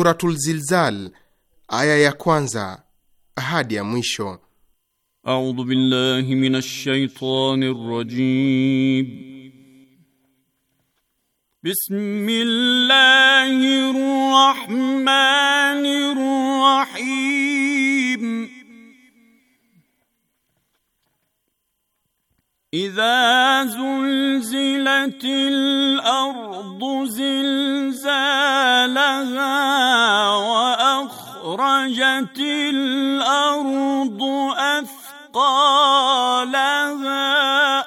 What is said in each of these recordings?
Suratul Zilzal aya ya kwanza hadi ya mwisho. A'udhu billahi minash shaitanir rajim. Bismillahir rahmanir rahim. إذا زلزلت الأرض زلزالها الارض اثقالها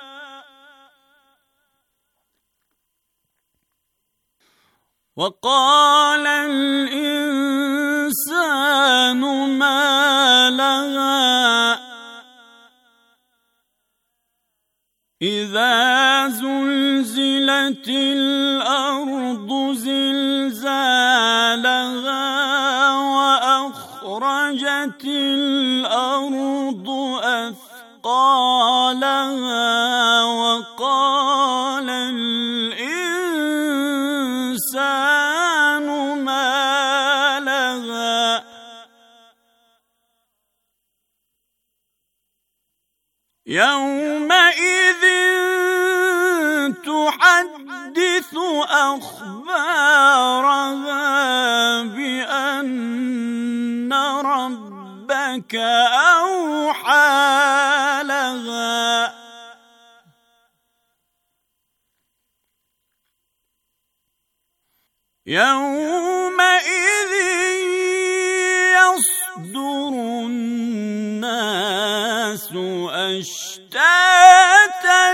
وقال الانسان ما لها اذا زلزلت الارض زلزالها أخرجت الأرض أثقالها وقال الإنسان ما لها يومئذ تحدث أخبارها بأن أوحى لها يومئذ يصدر الناس أشتاتا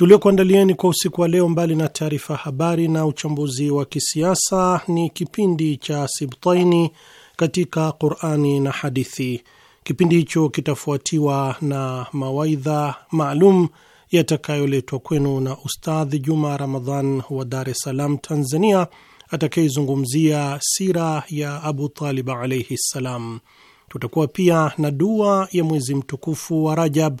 tuliokuandalieni kwa usiku wa leo, mbali na taarifa habari na uchambuzi wa kisiasa, ni kipindi cha Sibtaini katika Qurani na Hadithi. Kipindi hicho kitafuatiwa na mawaidha maalum yatakayoletwa kwenu na Ustadhi Juma Ramadhan wa Dar es Salaam, Tanzania, atakayezungumzia sira ya Abu Talib alaihi ssalam. Tutakuwa pia na dua ya mwezi mtukufu wa Rajab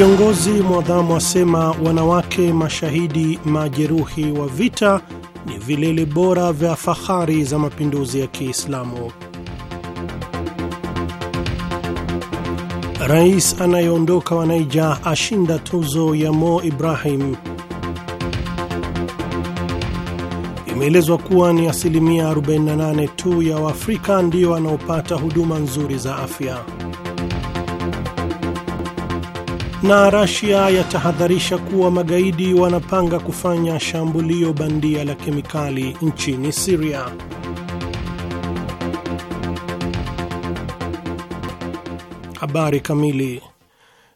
Kiongozi mwadhamu asema wanawake mashahidi majeruhi wa vita ni vilele bora vya fahari za mapinduzi ya Kiislamu. Rais anayeondoka wa Naija ashinda tuzo ya Mo Ibrahim. Imeelezwa kuwa ni asilimia 48 tu ya Waafrika ndiyo wanaopata huduma nzuri za afya na Rasia yatahadharisha kuwa magaidi wanapanga kufanya shambulio bandia la kemikali nchini Siria. Habari kamili.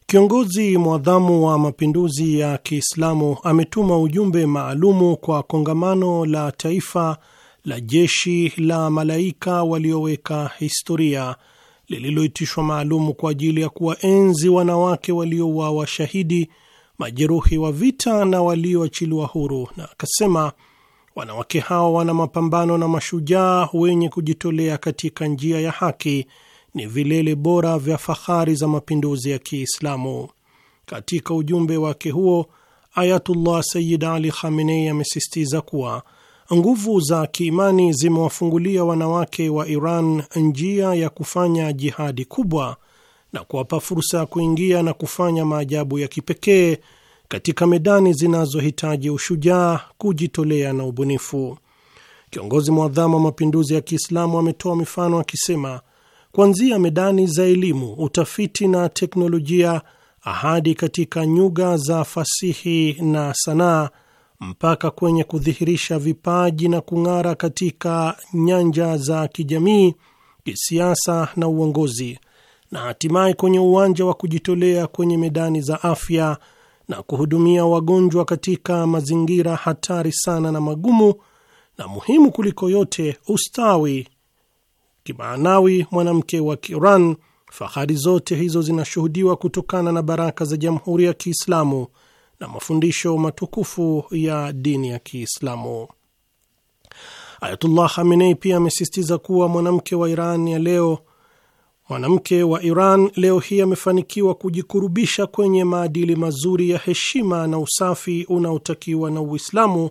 Kiongozi mwadhamu wa mapinduzi ya Kiislamu ametuma ujumbe maalumu kwa kongamano la taifa la jeshi la malaika walioweka historia lililoitishwa maalum kwa ajili ya kuwaenzi wanawake waliouawa shahidi, majeruhi wa vita na walioachiliwa huru, na akasema wanawake hao wana mapambano na mashujaa wenye kujitolea katika njia ya haki ni vilele bora vya fahari za mapinduzi ya Kiislamu. Katika ujumbe wake huo, Ayatullah Sayyid Ali Khamenei amesisitiza kuwa Nguvu za kiimani zimewafungulia wanawake wa Iran njia ya kufanya jihadi kubwa na kuwapa fursa ya kuingia na kufanya maajabu ya kipekee katika medani zinazohitaji ushujaa, kujitolea na ubunifu. Kiongozi mwadhamu wa mapinduzi ya Kiislamu ametoa mifano akisema, kuanzia medani za elimu, utafiti na teknolojia ahadi katika nyuga za fasihi na sanaa mpaka kwenye kudhihirisha vipaji na kung'ara katika nyanja za kijamii, kisiasa na uongozi, na hatimaye kwenye uwanja wa kujitolea kwenye medani za afya na kuhudumia wagonjwa katika mazingira hatari sana na magumu, na muhimu kuliko yote, ustawi kimaanawi mwanamke wa Kiiran. Fahari zote hizo zinashuhudiwa kutokana na baraka za Jamhuri ya Kiislamu na mafundisho matukufu ya dini ya Kiislamu. Ayatullah Hamenei pia amesisitiza kuwa mwanamke wa Iran ya leo mwanamke wa Iran leo hii amefanikiwa kujikurubisha kwenye maadili mazuri ya heshima na usafi unaotakiwa na Uislamu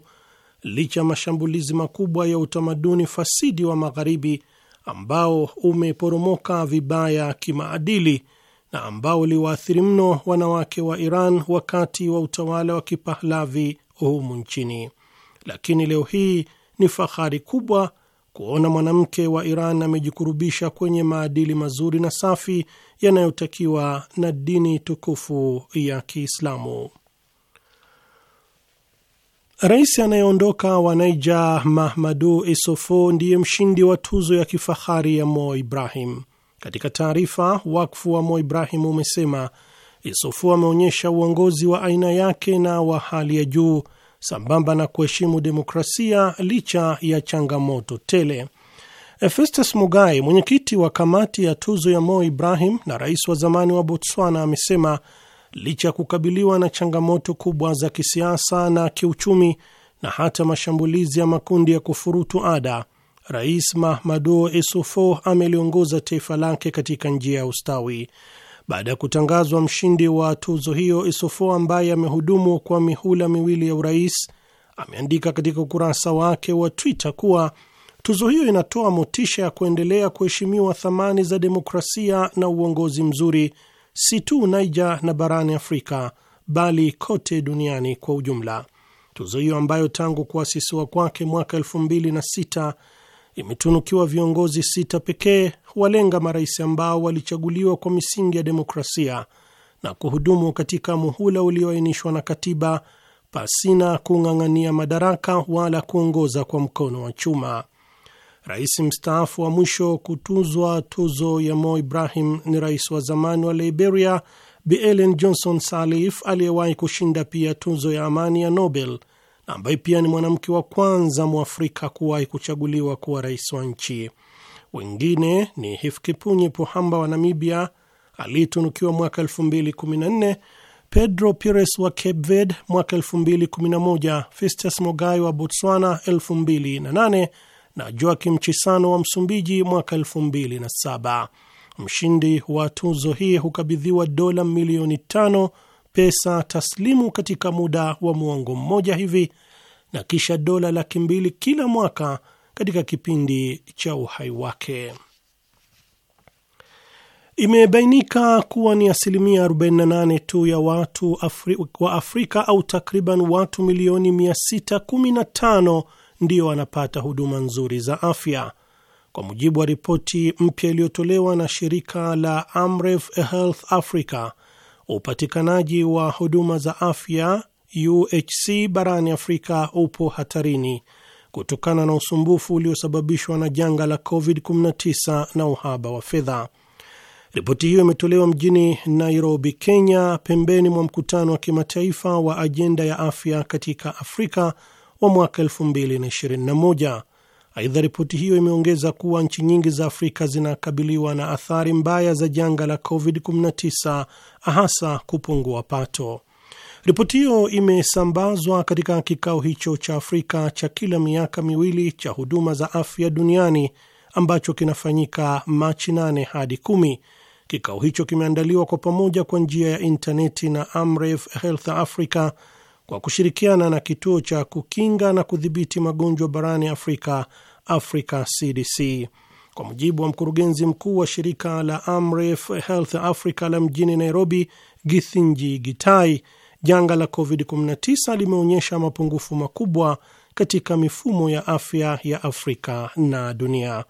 licha ya mashambulizi makubwa ya utamaduni fasidi wa Magharibi ambao umeporomoka vibaya kimaadili na ambao uliwaathiri mno wanawake wa Iran wakati wa utawala wa Kipahlavi humu nchini. Lakini leo hii ni fahari kubwa kuona mwanamke wa Iran amejikurubisha kwenye maadili mazuri na safi yanayotakiwa na dini tukufu ya Kiislamu. Rais anayeondoka wa Naija Mahmadu Isofo ndiye mshindi wa tuzo ya kifahari ya Mo Ibrahim. Katika taarifa, wakfu wa Mo Ibrahim umesema Yusufu ameonyesha uongozi wa aina yake na wa hali ya juu sambamba na kuheshimu demokrasia licha ya changamoto tele. Festus mugai mwenyekiti wa kamati ya tuzo ya Mo Ibrahim na rais wa zamani wa Botswana, amesema licha ya kukabiliwa na changamoto kubwa za kisiasa na kiuchumi na hata mashambulizi ya makundi ya kufurutu ada, Rais Mahmadu Isufu ameliongoza taifa lake katika njia ya ustawi. Baada ya kutangazwa mshindi wa tuzo hiyo, Isufu ambaye amehudumu kwa mihula miwili ya urais ameandika katika ukurasa wake wa Twitter kuwa tuzo hiyo inatoa motisha ya kuendelea kuheshimiwa thamani za demokrasia na uongozi mzuri, si tu Naija na barani Afrika, bali kote duniani kwa ujumla. Tuzo hiyo ambayo tangu kuasisiwa kwake mwaka elfu mbili na sita imetunukiwa viongozi sita pekee, walenga marais ambao walichaguliwa kwa misingi ya demokrasia na kuhudumu katika muhula ulioainishwa na katiba pasina kung'ang'ania madaraka wala kuongoza kwa mkono wa chuma. Rais mstaafu wa mwisho kutuzwa tuzo ya Mo Ibrahim ni rais wa zamani wa Liberia Bi Ellen Johnson Sirleaf aliyewahi kushinda pia tuzo ya amani ya Nobel ambaye pia ni mwanamke wa kwanza mwafrika kuwahi kuchaguliwa kuwa rais wa nchi. Wengine ni Hifikepunye Pohamba wa Namibia aliyetunukiwa mwaka 2014, Pedro Pires wa Cape Verde mwaka 2011, Festus Mogai wa Botswana 2008 na Joakim Chisano wa Msumbiji mwaka 2007. Mshindi wa tuzo hii hukabidhiwa dola milioni tano pesa taslimu katika muda wa mwongo mmoja hivi na kisha dola laki mbili kila mwaka katika kipindi cha uhai wake. Imebainika kuwa ni asilimia 48 tu ya watu Afri wa Afrika au takriban watu milioni 615 ndio wanapata huduma nzuri za afya, kwa mujibu wa ripoti mpya iliyotolewa na shirika la Amref Health Africa upatikanaji wa huduma za afya UHC barani Afrika upo hatarini kutokana na usumbufu uliosababishwa na janga la COVID-19 na uhaba wa fedha. Ripoti hiyo imetolewa mjini Nairobi, Kenya, pembeni mwa mkutano wa kimataifa wa ajenda ya afya katika Afrika wa mwaka 2021. Aidha, ripoti hiyo imeongeza kuwa nchi nyingi za Afrika zinakabiliwa na athari mbaya za janga la COVID-19, hasa kupungua pato. Ripoti hiyo imesambazwa katika kikao hicho cha Afrika cha kila miaka miwili cha huduma za afya duniani ambacho kinafanyika Machi 8 hadi 10. Kikao hicho kimeandaliwa kwa pamoja kwa njia ya intaneti na Amref Health Africa kwa kushirikiana na kituo cha kukinga na kudhibiti magonjwa barani Afrika, Africa CDC. Kwa mujibu wa mkurugenzi mkuu wa shirika la Amref Health Africa la mjini Nairobi, Githinji Gitai, janga la COVID-19 limeonyesha mapungufu makubwa katika mifumo ya afya ya Afrika na dunia.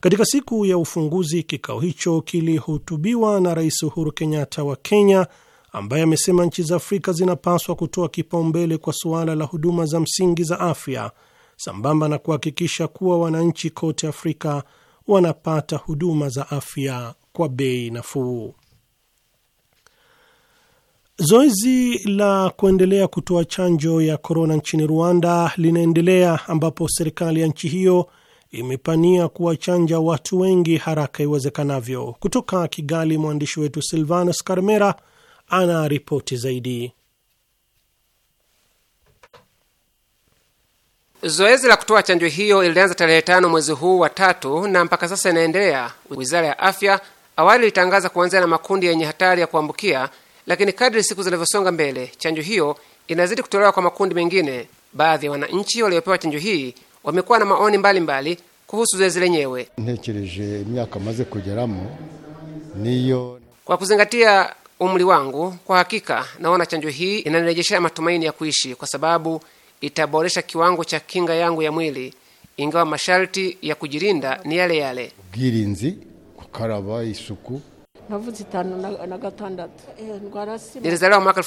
Katika siku ya ufunguzi, kikao hicho kilihutubiwa na Rais Uhuru Kenyatta wa Kenya ambaye amesema nchi za Afrika zinapaswa kutoa kipaumbele kwa suala la huduma za msingi za afya sambamba na kuhakikisha kuwa wananchi kote Afrika wanapata huduma za afya kwa bei nafuu. Zoezi la kuendelea kutoa chanjo ya korona nchini Rwanda linaendelea ambapo serikali ya nchi hiyo imepania kuwachanja watu wengi haraka iwezekanavyo. Kutoka Kigali, mwandishi wetu Silvanus Karmera ana ripoti zaidi. Zoezi la kutoa chanjo hiyo ilianza tarehe tano mwezi huu wa tatu na mpaka sasa inaendelea. Wizara ya Afya awali ilitangaza kuanzia na makundi yenye hatari ya kuambukia, lakini kadri siku zinavyosonga mbele, chanjo hiyo inazidi kutolewa kwa makundi mengine. Baadhi ya wananchi waliopewa chanjo hii wamekuwa na maoni mbalimbali mbali kuhusu zoezi lenyewe. Kwa kuzingatia umri wangu, kwa hakika naona chanjo hii inanirejeshea matumaini ya kuishi, kwa sababu itaboresha kiwango cha kinga yangu ya mwili, ingawa masharti ya kujirinda ni yale yale. Ubwirinzi kukaraba isuku eh, Nilizaliwa mwaka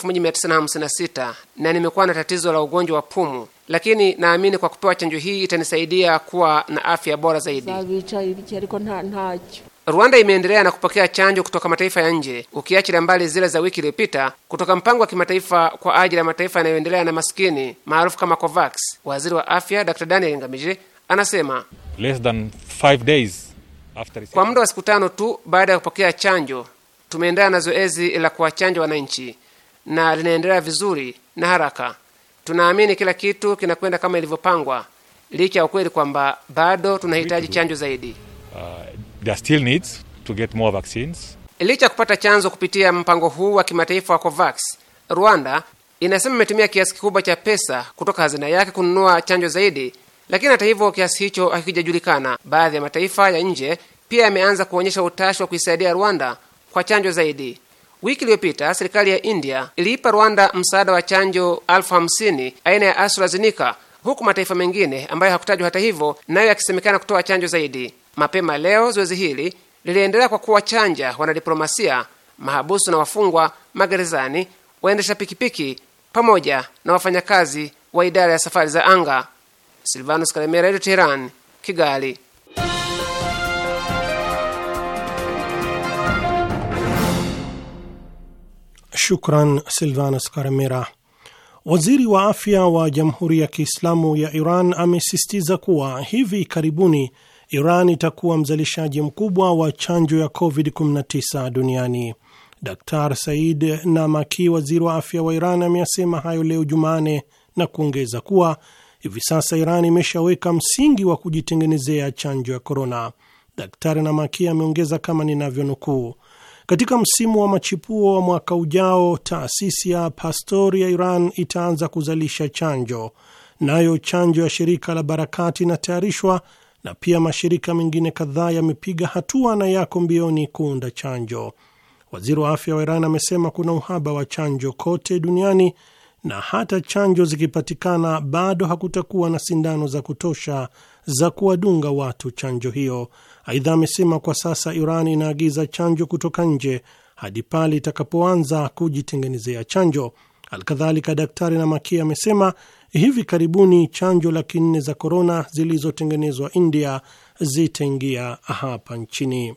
sita na nimekuwa na tatizo la ugonjwa wa pumu, lakini naamini kwa kupewa chanjo hii itanisaidia kuwa na afya bora zaidi. Rwanda imeendelea na kupokea chanjo kutoka mataifa ya nje, ukiachilia mbali zile za wiki iliyopita kutoka mpango wa kimataifa kwa ajili ya mataifa yanayoendelea na maskini maarufu kama COVAX. Waziri wa afya Dr Daniel Ngamije anasema Less than five days after... kwa muda wa siku tano tu baada ya kupokea chanjo tumeendelea na zoezi la kuwachanja wananchi na linaendelea vizuri na haraka. Tunaamini kila kitu kinakwenda kama ilivyopangwa, licha ya ukweli kwamba bado tunahitaji chanjo zaidi. Uh, there still needs to get more vaccines. Licha ya kupata chanzo kupitia mpango huu wa kimataifa wa COVAX, Rwanda inasema imetumia kiasi kikubwa cha pesa kutoka hazina yake kununua chanjo zaidi, lakini hata hivyo kiasi hicho hakijajulikana. Baadhi ya mataifa ya nje pia yameanza kuonyesha utashi wa kuisaidia Rwanda kwa chanjo zaidi. Wiki iliyopita serikali ya India iliipa Rwanda msaada wa chanjo elfu hamsini aina ya AstraZeneca, huku mataifa mengine ambayo hakutajwa hata hivyo nayo yakisemekana kutoa chanjo zaidi. Mapema leo zoezi hili liliendelea kwa kuwachanja wanadiplomasia, mahabusu na wafungwa magerezani, waendesha pikipiki pamoja na wafanyakazi wa idara ya safari za anga. Silvanus Kalemera, Radio Teheran, Kigali. Shukran Silvanus Karemera. Waziri wa afya wa Jamhuri ya Kiislamu ya Iran amesisitiza kuwa hivi karibuni Iran itakuwa mzalishaji mkubwa wa chanjo ya COVID-19 duniani. Dr Said Namaki, waziri wa afya wa Iran, ameyasema hayo leo Jumane na kuongeza kuwa hivi sasa Iran imeshaweka msingi wa kujitengenezea chanjo ya korona. Daktari Namaki ameongeza kama ninavyonukuu, katika msimu wa machipuo wa mwaka ujao, taasisi ya Pastori ya Iran itaanza kuzalisha chanjo, nayo chanjo ya shirika la Barakati inatayarishwa na pia mashirika mengine kadhaa yamepiga hatua na yako mbioni kuunda chanjo. Waziri wa afya wa Iran amesema kuna uhaba wa chanjo kote duniani na hata chanjo zikipatikana bado hakutakuwa na sindano za kutosha za kuwadunga watu chanjo hiyo. Aidha, amesema kwa sasa Iran inaagiza chanjo kutoka nje hadi pale itakapoanza kujitengenezea chanjo. Alkadhalika, Daktari Namaki amesema Hivi karibuni chanjo laki nne za korona zilizotengenezwa India zitaingia hapa nchini.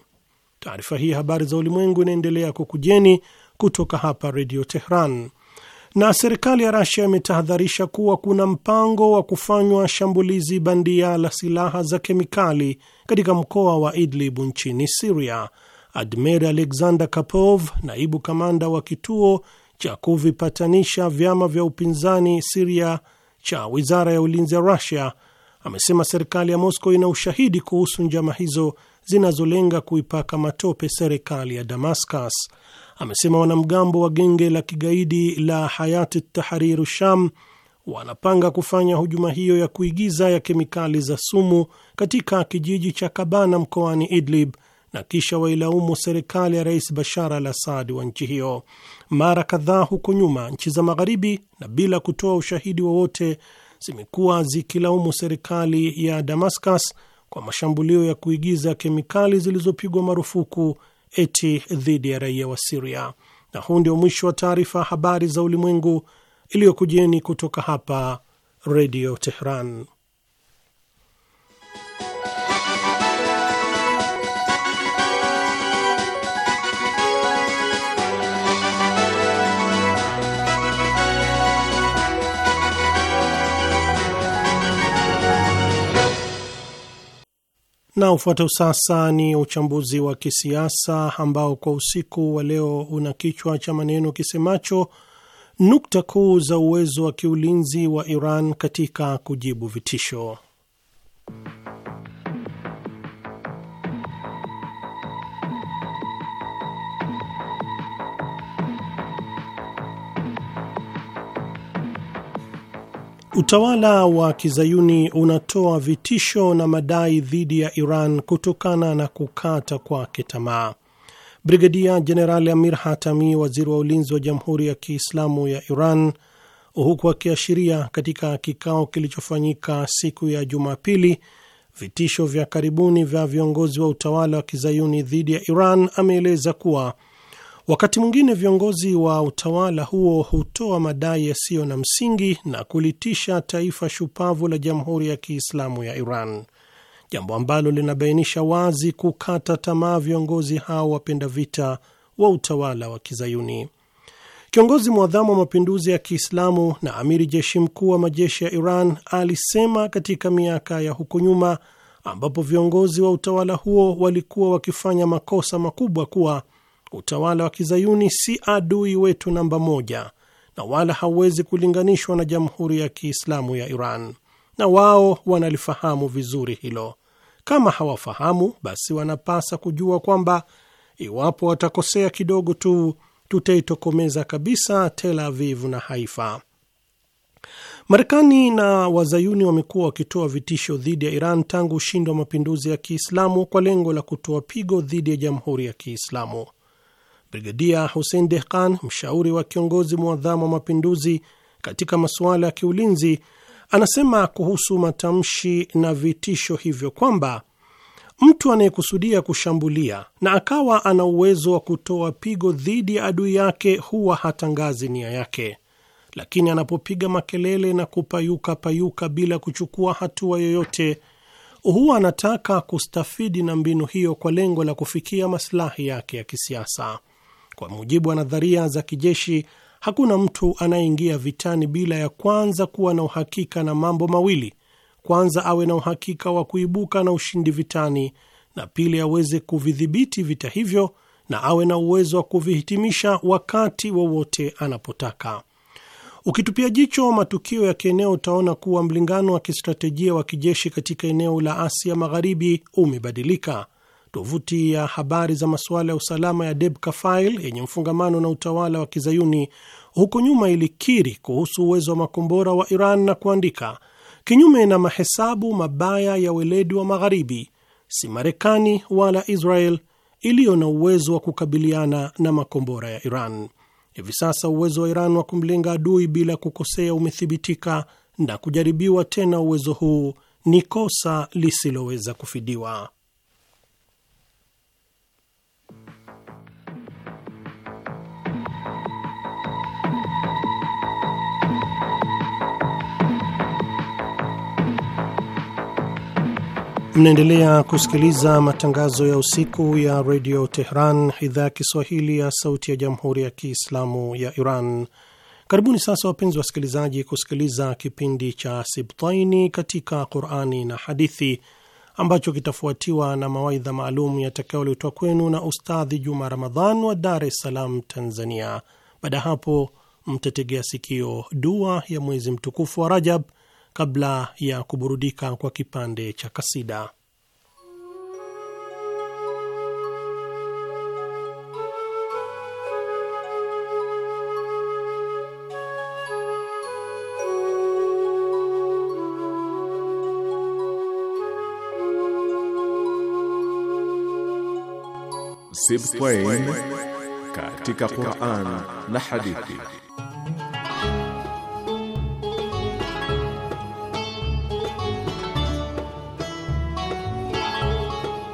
Taarifa hii habari za ulimwengu inaendelea kukujeni kutoka hapa Redio Tehran. Na serikali ya Rasia imetahadharisha kuwa kuna mpango wa kufanywa shambulizi bandia la silaha za kemikali katika mkoa wa Idlib nchini Siria. Admir Alexander Kapov, naibu kamanda wa kituo cha kuvipatanisha vyama vya upinzani Siria cha wizara ya ulinzi ya Rusia amesema serikali ya Moscow ina ushahidi kuhusu njama hizo zinazolenga kuipaka matope serikali ya Damascus. Amesema wanamgambo wa genge la kigaidi la Hayat Tahriru Sham wanapanga kufanya hujuma hiyo ya kuigiza ya kemikali za sumu katika kijiji cha Kabana mkoani Idlib na kisha wailaumu serikali ya Rais Bashar al Assad wa nchi hiyo. Mara kadhaa huko nyuma, nchi za Magharibi, na bila kutoa ushahidi wowote, zimekuwa zikilaumu serikali ya Damascus kwa mashambulio ya kuigiza kemikali zilizopigwa marufuku eti dhidi ya raia wa Siria. Na huu ndio mwisho wa taarifa ya habari za ulimwengu iliyokujeni kutoka hapa Redio teheran Na ufuatao sasa ni uchambuzi wa kisiasa ambao kwa usiku wa leo una kichwa cha maneno kisemacho nukta kuu za uwezo wa kiulinzi wa Iran katika kujibu vitisho. Utawala wa kizayuni unatoa vitisho na madai dhidi ya Iran kutokana na kukata kwake tamaa. Brigadia Jenerali Amir Hatami, waziri wa ulinzi wa Jamhuri ya Kiislamu ya Iran, huku akiashiria katika kikao kilichofanyika siku ya Jumapili vitisho vya karibuni vya viongozi wa utawala wa kizayuni dhidi ya Iran, ameeleza kuwa Wakati mwingine viongozi wa utawala huo hutoa madai yasiyo na msingi na kulitisha taifa shupavu la Jamhuri ya Kiislamu ya Iran, jambo ambalo linabainisha wazi kukata tamaa viongozi hao wapenda vita wa utawala wa Kizayuni. Kiongozi mwadhamu wa mapinduzi ya Kiislamu na amiri jeshi mkuu wa majeshi ya Iran alisema katika miaka ya huko nyuma, ambapo viongozi wa utawala huo walikuwa wakifanya makosa makubwa, kuwa Utawala wa kizayuni si adui wetu namba moja na wala hauwezi kulinganishwa na Jamhuri ya Kiislamu ya Iran, na wao wanalifahamu vizuri hilo. Kama hawafahamu, basi wanapasa kujua kwamba iwapo watakosea kidogo tu, tutaitokomeza kabisa Tel Aviv na Haifa. Marekani na wazayuni wamekuwa wakitoa vitisho dhidi ya Iran tangu ushindi wa mapinduzi ya Kiislamu kwa lengo la kutoa pigo dhidi ya Jamhuri ya Kiislamu. Brigedia Hussein Dehkan, mshauri wa kiongozi mwadhamu wa mapinduzi katika masuala ya kiulinzi, anasema kuhusu matamshi na vitisho hivyo kwamba mtu anayekusudia kushambulia na akawa ana uwezo wa kutoa pigo dhidi ya adui yake huwa hatangazi nia yake, lakini anapopiga makelele na kupayuka payuka bila kuchukua hatua yoyote huwa anataka kustafidi na mbinu hiyo kwa lengo la kufikia masilahi yake ya kisiasa. Kwa mujibu wa nadharia za kijeshi, hakuna mtu anayeingia vitani bila ya kwanza kuwa na uhakika na mambo mawili: kwanza awe na uhakika wa kuibuka na ushindi vitani, na pili aweze kuvidhibiti vita hivyo na awe na uwezo wa kuvihitimisha wakati wowote wa anapotaka. Ukitupia jicho matukio ya kieneo utaona kuwa mlingano wa kistratejia wa kijeshi katika eneo la Asia Magharibi umebadilika. Tovuti ya habari za masuala ya usalama ya Debka File yenye mfungamano na utawala wa kizayuni huko nyuma ilikiri kuhusu uwezo wa makombora wa Iran na kuandika, kinyume na mahesabu mabaya ya weledi wa Magharibi, si Marekani wala Israel iliyo na uwezo wa kukabiliana na makombora ya Iran. Hivi sasa uwezo wa Iran wa kumlenga adui bila kukosea umethibitika, na kujaribiwa tena uwezo huu ni kosa lisiloweza kufidiwa. Mnaendelea kusikiliza matangazo ya usiku ya redio Tehran, idhaa ya Kiswahili ya sauti ya jamhuri ya Kiislamu ya Iran. Karibuni sasa, wapenzi wasikilizaji, kusikiliza kipindi cha Sibtaini katika Qurani na Hadithi, ambacho kitafuatiwa na mawaidha maalum yatakayoletwa kwenu na Ustadhi Juma Ramadhan wa Dar es Salaam, Tanzania. Baada ya hapo, mtategea sikio dua ya mwezi mtukufu wa Rajab kabla ya kuburudika kwa kipande cha kasida. Sibtain katika Qur'an na hadithi.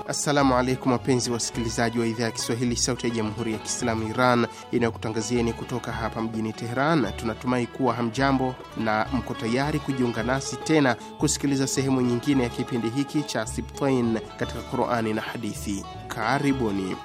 Assalamu alaikum wapenzi wasikilizaji wa idhaa ya Kiswahili sauti ya jamhuri ya kiislamu Iran inayokutangazieni kutoka hapa mjini Teheran. Tunatumai kuwa hamjambo na mko tayari kujiunga nasi tena kusikiliza sehemu nyingine ya kipindi hiki cha Sibtain katika Qurani na Hadithi. Karibuni.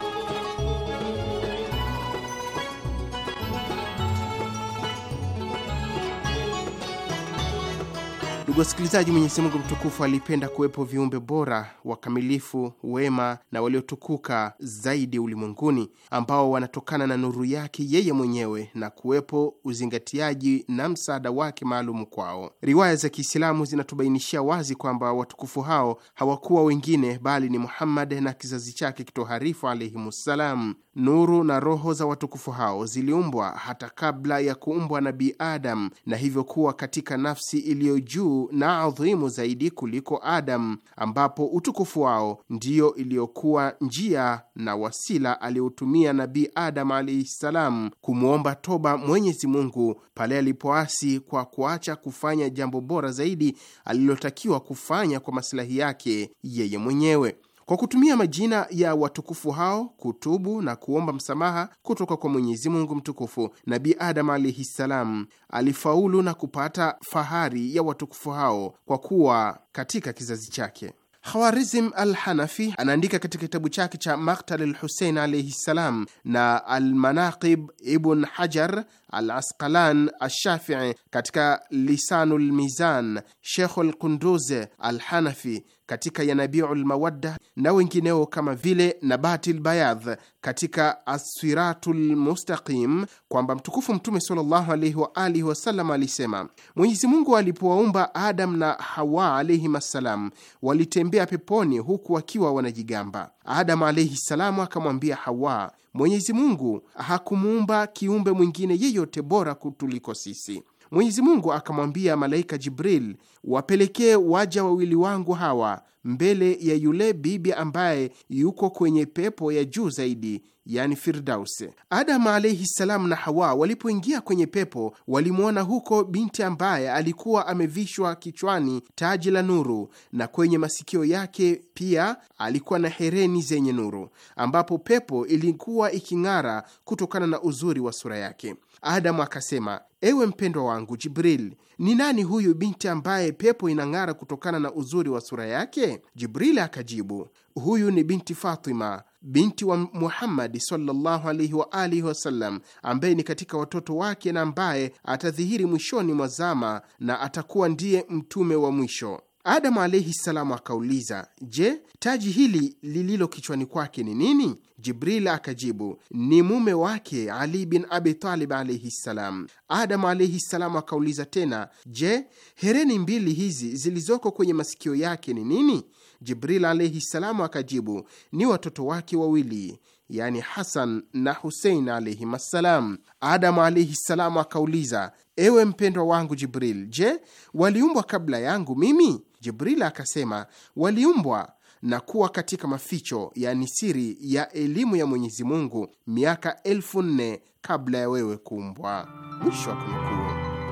Ndugu wasikilizaji, Mwenyezi Mungu mtukufu alipenda kuwepo viumbe bora wakamilifu, wema na waliotukuka zaidi ulimwenguni ambao wanatokana na nuru yake yeye mwenyewe na kuwepo uzingatiaji na msaada wake maalum kwao. Riwaya za Kiislamu zinatubainishia wazi kwamba watukufu hao hawakuwa wengine bali ni Muhammad na kizazi chake kitoharifu alaihimussalam. Nuru na roho za watukufu hao ziliumbwa hata kabla ya kuumbwa Nabii Adam na hivyo kuwa katika nafsi iliyo juu na adhimu zaidi kuliko Adam, ambapo utukufu wao ndiyo iliyokuwa njia na wasila aliotumia Nabii Adam alaihi salam kumwomba toba Mwenyezi Mungu pale alipoasi kwa kuacha kufanya jambo bora zaidi alilotakiwa kufanya kwa masilahi yake yeye mwenyewe. Kwa kutumia majina ya watukufu hao kutubu na kuomba msamaha kutoka kwa Mwenyezi Mungu mtukufu, Nabi Adam alaihi ssalam alifaulu na kupata fahari ya watukufu hao kwa kuwa katika kizazi chake. Hawarizm al Hanafi anaandika katika kitabu chake cha Maktal lhusein Husein alaihi ssalam na Almanaqib Ibn Hajar al Asqalan Ashafii katika lisanu lmizan shekhu Lkunduze al Hanafi katika yanabiu lmawadda na wengineo kama vile Nabati Bayadh katika Assiratu lmustaqim kwamba mtukufu Mtume sallallahu alaihi wa alihi wasallam alisema, Mwenyezi Mungu alipowaumba Adam na Hawa alaihim assalam, walitembea peponi huku wakiwa wanajigamba Adamu alaihi salamu akamwambia Hawa, Mwenyezi Mungu hakumuumba kiumbe mwingine yeyote bora kutuliko sisi. Mwenyezi Mungu akamwambia malaika Jibril, wapelekee waja wawili wangu hawa mbele ya yule bibi ambaye yuko kwenye pepo ya juu zaidi, yani Firdaus. Adamu alaihi salam na Hawa walipoingia kwenye pepo, walimwona huko binti ambaye alikuwa amevishwa kichwani taji la nuru, na kwenye masikio yake pia alikuwa na hereni zenye nuru, ambapo pepo ilikuwa iking'ara kutokana na uzuri wa sura yake. Adamu akasema, ewe mpendwa wangu Jibril, ni nani huyu binti ambaye pepo inang'ara kutokana na uzuri wa sura yake? Jibril akajibu, huyu ni binti Fatima binti wa Muhammadi sallallahu alaihi wa alihi wasallam, ambaye ni katika watoto wake na ambaye atadhihiri mwishoni mwa zama na atakuwa ndiye mtume wa mwisho. Adamu alaihi salamu akauliza, je, taji hili lililo kichwani kwake ni nini? Jibril akajibu, ni mume wake Ali bin Abi Talib alaihi ssalam. Adamu alaihi ssalam akauliza tena, je, hereni mbili hizi zilizoko kwenye masikio yake ni nini? Jibril alaihi ssalam akajibu, ni watoto wake wawili Yani Hasan na Husein alaihim assalam. Adamu alaihi ssalamu akauliza, ewe mpendwa wangu Jibril, je, waliumbwa kabla yangu mimi? Jibril akasema, waliumbwa na kuwa katika maficho, yani siri ya elimu ya Mwenyezi Mungu miaka elfu nne kabla ya wewe kuumbwa. Mwisho wa kunukuu.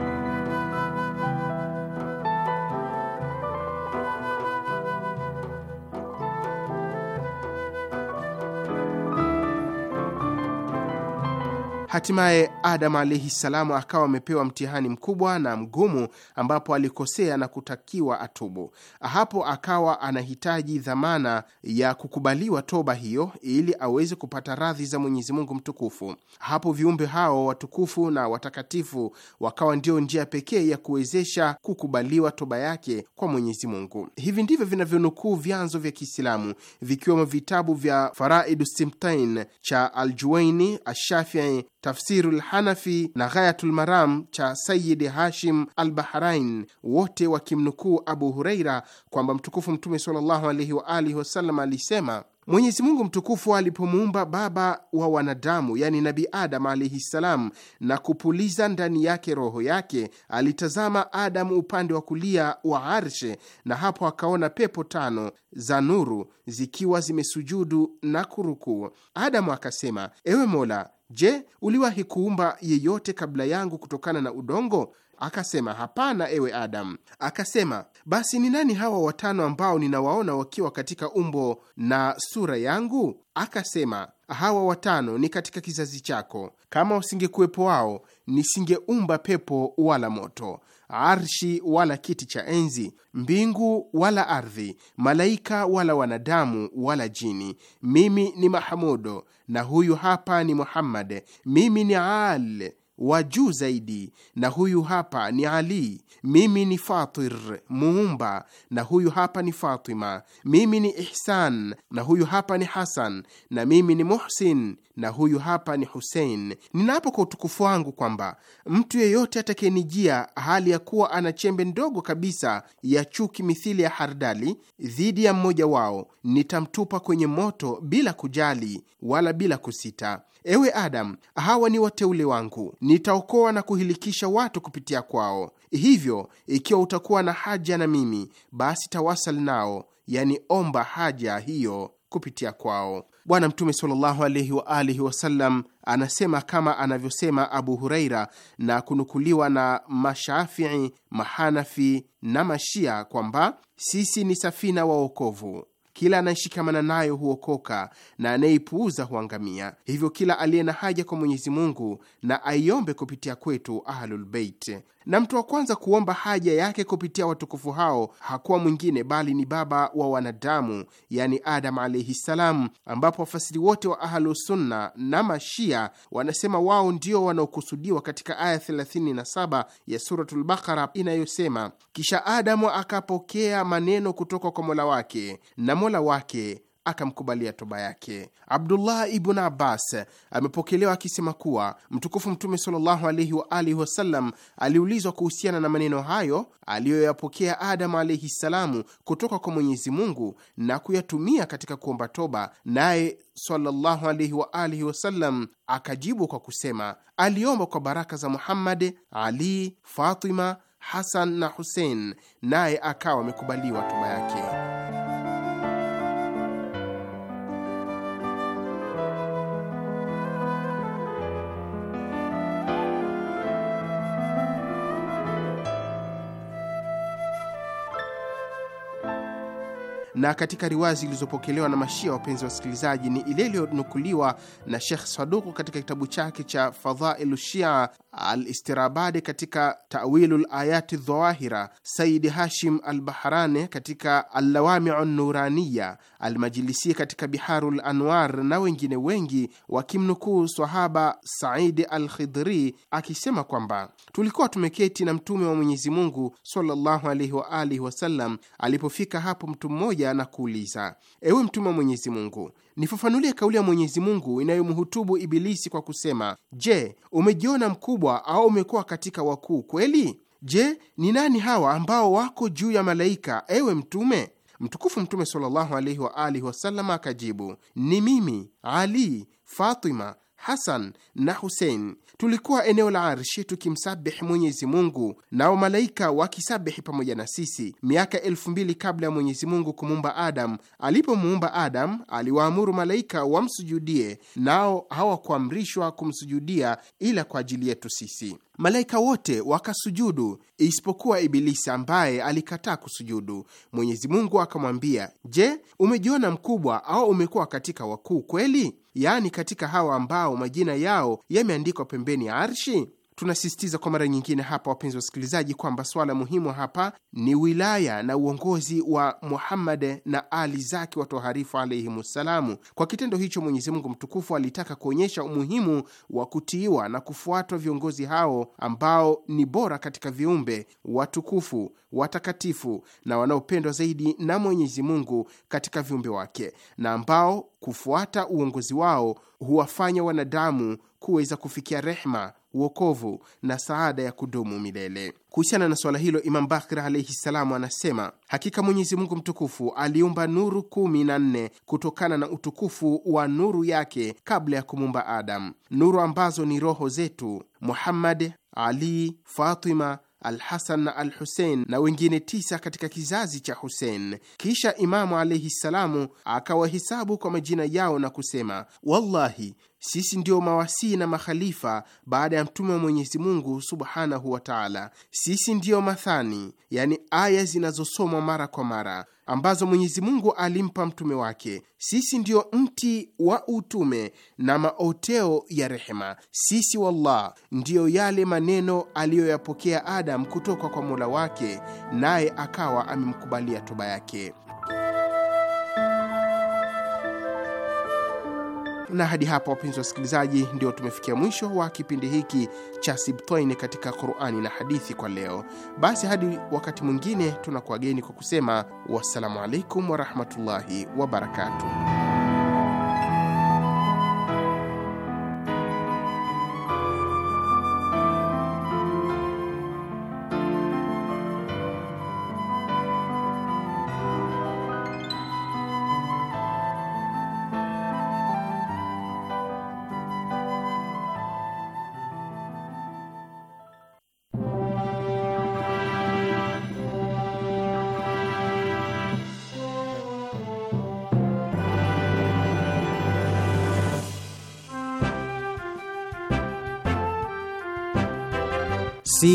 Hatimaye Adamu alaihi salamu akawa amepewa mtihani mkubwa na mgumu, ambapo alikosea na kutakiwa atubu. Hapo akawa anahitaji dhamana ya kukubaliwa toba hiyo, ili aweze kupata radhi za Mwenyezi Mungu mtukufu. Hapo viumbe hao watukufu na watakatifu wakawa ndio njia pekee ya kuwezesha kukubaliwa toba yake kwa Mwenyezi Mungu. Hivi ndivyo vinavyonukuu vyanzo vya Kiislamu vikiwemo vitabu vya Faraidu Simtain cha Aljuwaini Ashafii Tafsiru lhanafi na Ghayatul cha Sayidi Hashim al Bahrain, wote wakimnukuu Abu Hureira kwamba mtukufu Mtume sallallahu alaihi wa alihi wasallam alisema Mwenyezi Mungu mtukufu alipomuumba baba wa wanadamu, yani Nabi Adam alaihi ssalam, na kupuliza ndani yake roho yake, alitazama Adamu upande wa kulia wa arshe, na hapo akaona pepo tano za nuru zikiwa zimesujudu na kurukuu. Adamu akasema, ewe Mola, Je, uliwahi kuumba yeyote kabla yangu kutokana na udongo? Akasema, hapana, ewe Adamu. Akasema, basi ni nani hawa watano ambao ninawaona wakiwa katika umbo na sura yangu? Akasema, hawa watano ni katika kizazi chako. Kama usingekuwepo wao, nisingeumba pepo wala moto, arshi wala kiti cha enzi, mbingu wala ardhi, malaika wala wanadamu wala jini. Mimi ni mahamudo na huyu hapa ni Muhammad, mimi ni Al, wa juu zaidi, na huyu hapa ni Ali, mimi ni Fatir muumba, na huyu hapa ni Fatima, mimi ni Ihsan, na huyu hapa ni Hasan, na mimi ni Muhsin, na huyu hapa ni Husein. Ninaapa kwa utukufu wangu kwamba mtu yeyote atakayenijia hali ya kuwa ana chembe ndogo kabisa ya chuki mithili ya hardali dhidi ya mmoja wao, nitamtupa kwenye moto bila kujali wala bila kusita. Ewe adamu hawa ni wateule wangu, nitaokoa na kuhilikisha watu kupitia kwao. Hivyo ikiwa utakuwa na haja na mimi, basi tawasal nao, yani omba haja hiyo kupitia kwao. Bwana Mtume sallallahu alaihi wa alihi wasallam anasema kama anavyosema Abu Huraira na kunukuliwa na Mashafii, Mahanafi na Mashia kwamba sisi ni safina waokovu kila anayeshikamana nayo huokoka na anayeipuuza huangamia. Hivyo kila aliye na haja kwa Mwenyezi Mungu na aiombe kupitia kwetu Ahlulbeit na mtu wa kwanza kuomba haja yake kupitia watukufu hao hakuwa mwingine bali ni baba wa wanadamu, yani Adam alaihi salam, ambapo wafasiri wote wa Ahlusunna na Mashia wanasema wao ndio wanaokusudiwa katika aya 37 ya Suratul Bakara inayosema, kisha Adamu akapokea maneno kutoka kwa mola wake na mola wake akamkubalia toba yake. Abdullah ibn Abbas amepokelewa akisema kuwa mtukufu Mtume sallallahu alaihi wa alihi wasallam aliulizwa kuhusiana na maneno hayo aliyoyapokea Adamu alaihi ssalamu kutoka kwa Mwenyezi Mungu na kuyatumia katika kuomba toba, naye sallallahu alaihi wa alihi wasallam akajibu kwa kusema, aliomba kwa baraka za Muhammad, Ali, Fatima, Hasan na Husein, naye akawa amekubaliwa toba yake. na katika riwaya zilizopokelewa na Mashia, wapenzi wasikilizaji, ni ile iliyonukuliwa na Shekh Saduku katika kitabu chake cha Fadhailu Shia alistirabadi katika tawilu layati Dhawahira, Saidi Hashim Al-Bahrani katika Allawamiu Nuraniya, Almajilisi katika biharu Anwar na wengine wengi wakimnukuu sahaba Saidi Al-Khidri akisema kwamba tulikuwa tumeketi na Mtume wa Mwenyezi Mungu sallallahu alaihi wa alihi wasallam alipofika hapo mtu mmoja na kuuliza, ewe Mtume wa Mwenyezi Mungu, nifafanulie kauli ya Mwenyezi Mungu inayomhutubu Ibilisi kwa kusema: Je, umejiona mkubwa au umekuwa katika wakuu kweli? Je, ni nani hawa ambao wako juu ya malaika, ewe mtume? Mtukufu Mtume sallallahu alaihi wa alihi wasallam akajibu: ni mimi Ali, Fatima, Hasan na Husein. Tulikuwa eneo la Arshi tukimsabihi Mwenyezi Mungu, na wamalaika wakisabihi pamoja na sisi, miaka elfu mbili kabla ya Mwenyezi Mungu kumuumba Adamu. Alipomuumba Adamu, aliwaamuru malaika wamsujudie, nao hawakuamrishwa kumsujudia ila kwa ajili yetu sisi. Malaika wote wakasujudu isipokuwa Ibilisi ambaye alikataa kusujudu. Mwenyezi Mungu akamwambia, Je, umejiona mkubwa au umekuwa katika wakuu kweli, yaani katika hawa ambao majina yao yameandikwa pembeni ya arshi? Tunasisitiza kwa mara nyingine hapa, wapenzi wa wasikilizaji, kwamba swala muhimu hapa ni wilaya na uongozi wa Muhammad na ali zake watoharifu alaihimussalamu. Kwa kitendo hicho, Mwenyezi Mungu mtukufu alitaka kuonyesha umuhimu wa kutiiwa na kufuatwa viongozi hao ambao ni bora katika viumbe watukufu, watakatifu na wanaopendwa zaidi na Mwenyezi Mungu katika viumbe wake na ambao kufuata uongozi wao huwafanya wanadamu kuweza kufikia rehma uokovu na saada ya kudumu milele. Kuhusiana na suala hilo, Imam Bakir alaihi salamu anasema hakika Mwenyezi Mungu mtukufu aliumba nuru kumi na nne kutokana na utukufu wa nuru yake kabla ya kumumba Adamu, nuru ambazo ni roho zetu Muhammad, Ali, Fatima, Alhasan na al Husein na wengine tisa katika kizazi cha Husein. Kisha Imamu alaihi ssalamu akawahesabu kwa majina yao na kusema, wallahi sisi ndio mawasii na makhalifa baada ya mtume wa Mwenyezi Mungu subhanahu wa taala. Sisi ndiyo mathani, yani aya zinazosomwa mara kwa mara ambazo Mwenyezi Mungu alimpa mtume wake. Sisi ndiyo mti wa utume na maoteo ya rehema. Sisi wallah, ndiyo yale maneno aliyoyapokea Adam kutoka kwa mola wake, naye akawa amemkubalia toba yake. Na hadi hapa, wapenzi wa wasikilizaji, ndio tumefikia mwisho wa kipindi hiki cha Sibtoin katika Qurani na hadithi kwa leo. Basi hadi wakati mwingine, tunakuwageni kwa kusema wassalamu alaikum warahmatullahi wabarakatuh.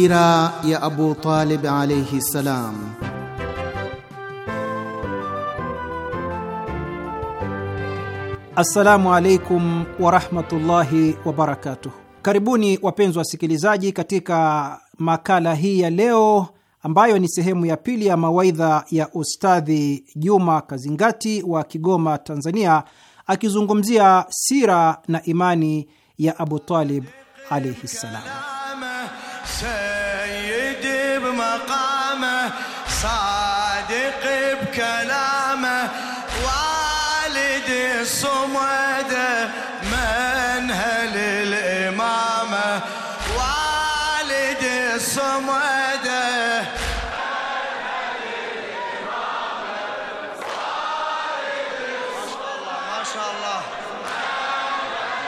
Sira ya Abu Talib alayhi salam. Assalamu alaikum warahmatullahi wabarakatuh. Karibuni wapenzi wasikilizaji, katika makala hii ya leo ambayo ni sehemu ya pili ya mawaidha ya Ustadhi Juma Kazingati wa Kigoma, Tanzania, akizungumzia sira na imani ya Abu Talib alaihi ssalam. الصمد من هل والد الصمد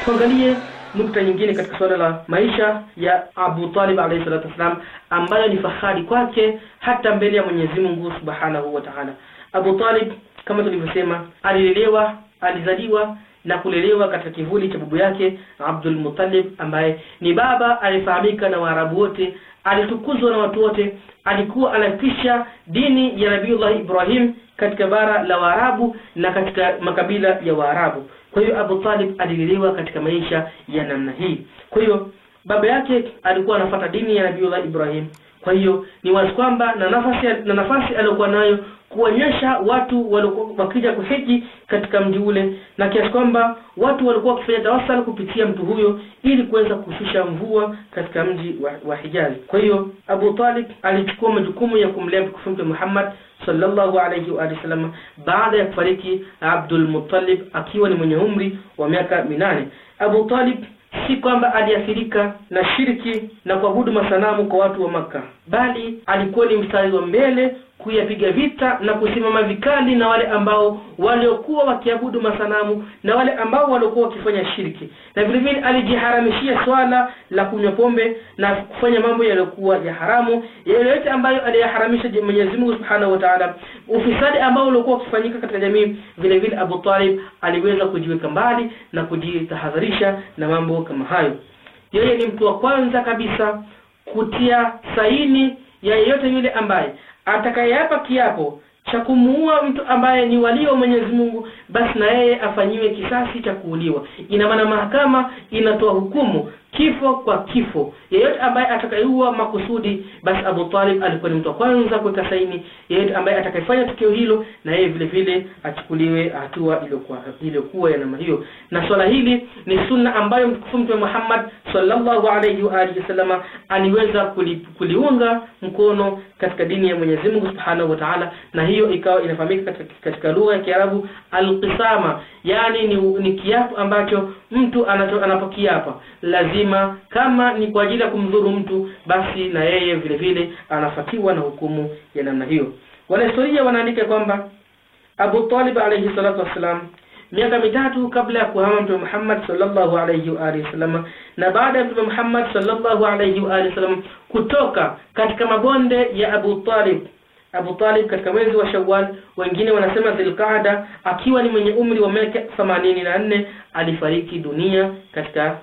tuangalie nukta nyingine katika suala la maisha ya abu talib alayhi salatu wassalam ambayo ni fahari kwake hata mbele ya mwenyezi mungu subhanahu wa taala abu talib kama tulivyosema alilelewa alizaliwa na kulelewa katika kivuli cha babu yake Abdul Muttalib ambaye ni baba alifahamika na Waarabu wote, alitukuzwa na watu wote, alikuwa anapisha dini ya Nabiullah Ibrahim katika bara la Waarabu na katika makabila ya Waarabu. Kwa hiyo Abu Talib alilelewa katika maisha ya namna hii. Kwa hiyo baba yake alikuwa anafuata dini ya Nabiullah Ibrahim. Kwa hiyo ni wazi kwamba na nafasi na nafasi aliyokuwa nayo kuonyesha watu walikuwa wakija kuhiji katika mji ule, na kiasi kwamba watu walikuwa wakifanya tawasal kupitia mtu huyo ili kuweza kushusha mvua katika mji wa, wa Hijazi. Kwa hiyo Abu Talib alichukua majukumu ya kumlea mtukufu Muhammad sallallahu alayhi wa sallam baada ya kufariki Abdul Muttalib akiwa ni mwenye umri wa miaka minane. Abu Talib si kwamba aliathirika na shirki na kuabudu masanamu kwa watu wa Maka, bali alikuwa ni mstari wa mbele kuyapiga vita na kusimama vikali na wale ambao waliokuwa wakiabudu masanamu na wale ambao waliokuwa wakifanya shirki, na vile vile alijiharamishia swala la kunywa pombe na kufanya mambo yaliyokuwa ya haramu, yoyote ambayo aliyaharamisha Mwenyezi Mungu Subhanahu wa Ta'ala. Ufisadi ambao uliokuwa ukifanyika katika jamii, vile vile Abu Talib aliweza kujiweka mbali na kujitahadharisha na mambo kama hayo. Yeye ni mtu wa kwanza kabisa kutia saini ya yeyote yule ambaye atakayeapa kiapo cha kumuua mtu ambaye ni walio wa Mwenyezi Mungu, basi na yeye afanyiwe kisasi cha kuuliwa. Ina maana mahakama inatoa hukumu kifo kwa kifo. Yeyote ambaye atakayeua makusudi, basi Abu Talib alikuwa ni mtu wa kwanza kuweka saini. Yeyote ambaye atakayefanya tukio hilo, na yeye vile vile achukuliwe hatua iliyokuwa iliyokuwa ya namna hiyo. Na swala hili ni sunna ambayo mtukufu Mtume Muhammad sallallahu alayhi wa alihi wasallama aliweza kuli, kuliunga mkono katika dini ya Mwenyezi Mungu subhanahu wa taala, na hiyo ikawa inafahamika katika, katika lugha ya Kiarabu al-qisama yaani ni, ni kiapo ambacho mtu anapokiapa lazima kama ni kwa ajili ya kumdhuru mtu basi na yeye vile vile anafatiwa na hukumu ya namna hiyo wanahistoria wanaandika kwamba Abu Talib alayhi salatu wassalam miaka mitatu kabla ya kuhama mtume Muhammad sallallahu alayhi wa alihi wasallam na baada ya mtume Muhammad sallallahu alayhi wa alihi wasallam kutoka katika mabonde ya Abu Talib Abu Talib katika mwezi wa Shawwal, wengine wanasema Dhulqaada, akiwa ni mwenye umri wa miaka themanini na nne alifariki dunia katika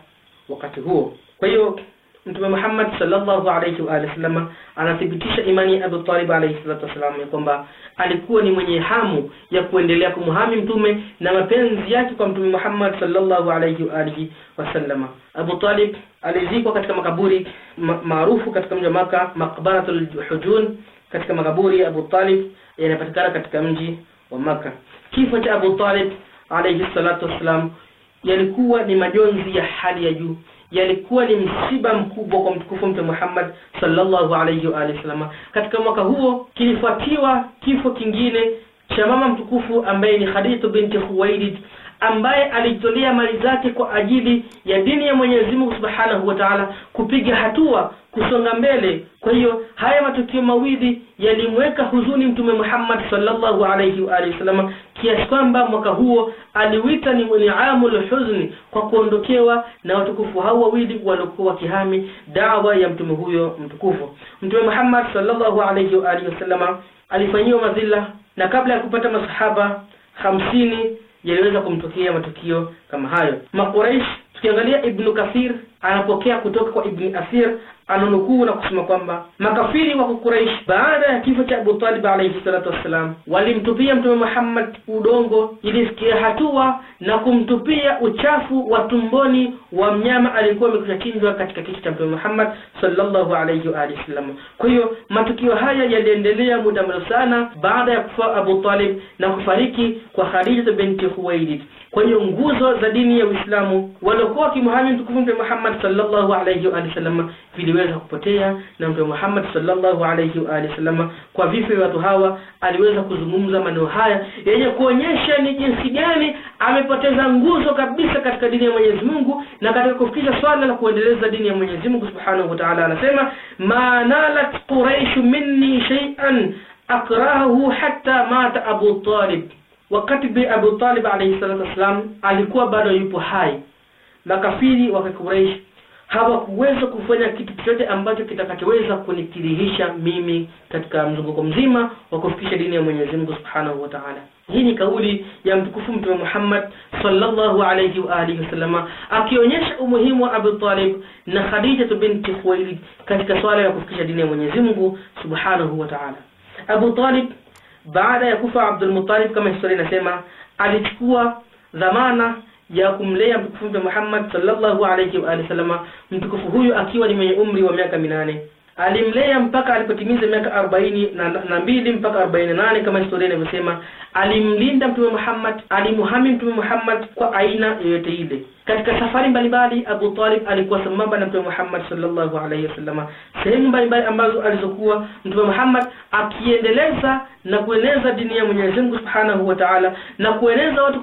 wakati huo. Kwa hiyo Mtume Muhammad sallallahu alayhi wa alihi wasallam anathibitisha imani ya Abu Talib alayhi salatu wasallam kwamba alikuwa ni mwenye hamu ya kuendelea kumhami mtume na mapenzi yake kwa Mtume Muhammad sallallahu alayhi wa alihi wasallam. Abu Talib alizikwa katika makaburi maarufu katika mji wa Maka, Maqbaratul Hujun katika makaburi ya Abu Talib yanapatikana katika mji wa Maka. Kifo cha Abu Talib alayhi salatu wassalam yalikuwa ni majonzi ya hali ya juu, yalikuwa ni msiba mkubwa kwa mtukufu Mtume Muhammad sallallahu alayhi wa alihi wasallam. Katika mwaka huo kilifuatiwa kifo kingine cha mama mtukufu ambaye ni Khadija binti Khuwailid ambaye alijitolea mali zake kwa ajili ya dini ya Mwenyezi Mungu Subhanahu wa Ta'ala, kupiga hatua kusonga mbele kwa hiyo haya matukio mawili yalimweka huzuni mtume muhammad alayhi wa alihi wasallam kiasi kwamba mwaka huo aliwita ni niamul huzni kwa kuondokewa na watukufu hao wawili walikuwa wakihami dawa ya mtume huyo mtukufu mtume muhammad alayhi wa alihi wasallam alifanyiwa madhila na kabla ya kupata masahaba hamsini yaliweza kumtokea matukio kama hayo makuraish tukiangalia ibnu kathir anapokea kutoka kwa ibni asir anunukuu na kusema kwamba makafiri wa Quraysh baada ya kifo cha Abu Talib alayhi salatu wassalam, walimtupia Mtume Muhammad udongo, ilifikia hatua na kumtupia uchafu wa tumboni wa mnyama alikuwa amekwisha chinjwa katika kichwa cha Mtume Muhammad sallallahu alayhi wa alihi wasallam. Kwa hiyo matukio haya yaliendelea muda mrefu sana baada ya kufa Abu Talib na kufariki kwa Khadija binti Khuwailid kwa hiyo nguzo za dini ya Uislamu waliokuwa wakimhami mtukufu Mtume Muhammad sallallahu alayhi wa sallam viliweza kupotea, na Mtume Muhammad sallallahu alayhi wa sallam kwa vifo vya watu hawa aliweza kuzungumza maneno haya yenye kuonyesha ni jinsi gani amepoteza nguzo kabisa katika dini ya Mwenyezi Mungu na katika kufikisha swala la kuendeleza dini ya Mwenyezi Mungu Subhanahu wa Ta'ala. Anasema nalat quraish minni shay'an akrahu hatta mata Abu Talib Wakati bi Abu Talib alayhi salatu wasalam alikuwa bado yupo hai, makafiri wa Quraysh hawakuweza kufanya kitu chochote ambacho kitakachoweza kunikirihisha mimi katika mzunguko mzima wa kufikisha dini ya Mwenyezi Mungu Subhanahu wa Ta'ala. Hii ni kauli ya mtukufu Mtume Muhammad sallallahu alayhi wa alihi wasallama akionyesha umuhimu wa Abu Talib na Khadija binti Khuwailid katika swala ya kufikisha dini ya Mwenyezi Mungu Subhanahu wa Ta'ala. Abu Talib baada ya kufa Abdul Muttalib, kama historia inasema, alichukua dhamana ya kumlea mtukufu Mtume Muhammad sallallahu alayhi wa alihi wasallam, mtukufu huyu akiwa ni mwenye umri wa miaka minane alimlea mpaka alipotimiza miaka arobaini na mbili mpaka arobaini na nane kama historia inavyosema. Alimlinda Mtume Muhammad, alimuhami Mtume Muhammad kwa aina yoyote ile. Katika safari mbalimbali, Abu Talib alikuwa sambamba na Mtume Muhammad salllahu alaihi wasallama sehemu mbalimbali ambazo alizokuwa Mtume Muhammad akiendeleza na kueneza dini ya Mwenyezi Mungu subhanahu wa taala na kueneza watu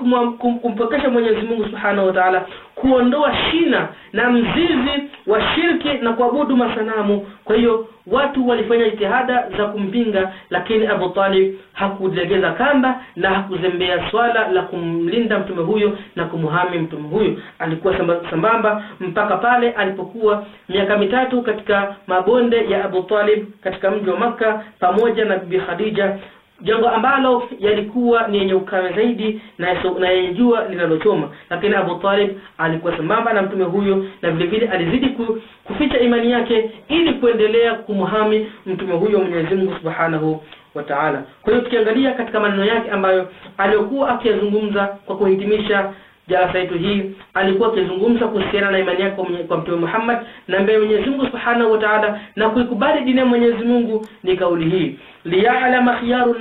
kumpokesha Mwenyezi Mungu subhanahu wa taala kuondoa shina na mzizi wa shirki na kuabudu masanamu kwa hiyo watu walifanya jitihada za kumpinga lakini Abu Talib hakulegeza kamba na hakuzembea swala la kumlinda mtume huyo na kumhami mtume huyo alikuwa sambamba mpaka pale alipokuwa miaka mitatu katika mabonde ya Abu Talib katika mji wa Makka pamoja na Bibi Khadija jambo ambalo yalikuwa ni yenye ukame zaidi na na yenye jua linalochoma lakini Abu Talib alikuwa sambamba na mtume huyo na vile vile alizidi ku, kuficha imani yake ili kuendelea kumhami mtume huyo Mwenyezi Mungu Subhanahu wa Ta'ala kwa hiyo tukiangalia katika maneno yake ambayo aliyokuwa akiyazungumza kwa kuhitimisha jalasa yetu hii alikuwa akizungumza kuhusiana na imani yake kwa mtume Muhammad na mbele Mwenyezi Mungu Subhanahu wa Ta'ala na kuikubali dini ya Mwenyezi Mungu ni kauli hii liya'lama khiyaru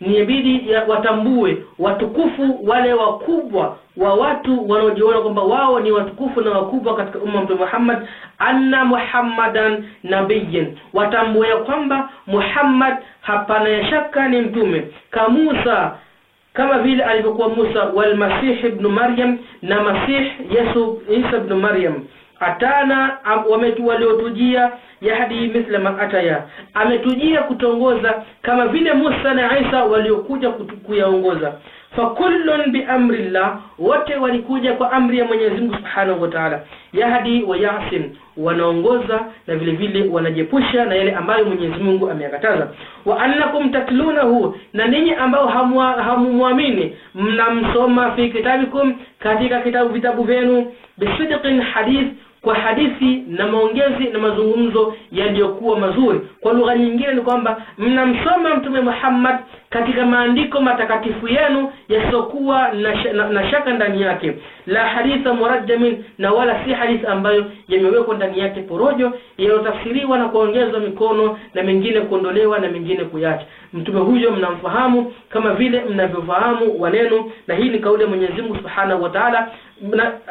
ibidi ya watambue watukufu wale wakubwa wa watu wanaojiona kwamba wao ni watukufu na wakubwa katika umma Mtume Muhammad, anna Muhammadan nabiyyan, watambue ya kwamba Muhammad hapana shaka ni mtume, ka Musa kama vile alivyokuwa Musa, wal Masih ibn Maryam, na Masih Yesu Isa ibn Maryam atana waliotujia yahdi mithla ma ataya ametujia kutongoza kama vile Musa na Isa waliokuja kuyaongoza fakullun biamrillah wote walikuja kwa amri ya Mwenyezi Mungu Subhanahu wa Ta'ala yahdi wa yasin wanaongoza na vile vile wanajepusha na yale ambayo Mwenyezi Mungu ameyakataza wa annakum tatlunahu na ninyi ambao hamumwamini mnamsoma fi kitabikum katika kitabu vitabu vyenu bisidqin hadith kwa hadithi na maongezi na mazungumzo yaliyokuwa mazuri kwa lugha nyingine ni kwamba mnamsoma mtume Muhammad katika maandiko matakatifu yenu yasiyokuwa na, na, na shaka ndani yake la haditha murajamin, na wala si hadithi ambayo yamewekwa ndani yake porojo yanayotafsiriwa na kuongezwa mikono na mengine kuondolewa na mengine kuyacha. Mtume huyo mnamfahamu kama vile mnavyofahamu waneno na hii ni kauli ya Mwenyezi Mungu Subhanahu wa Ta'ala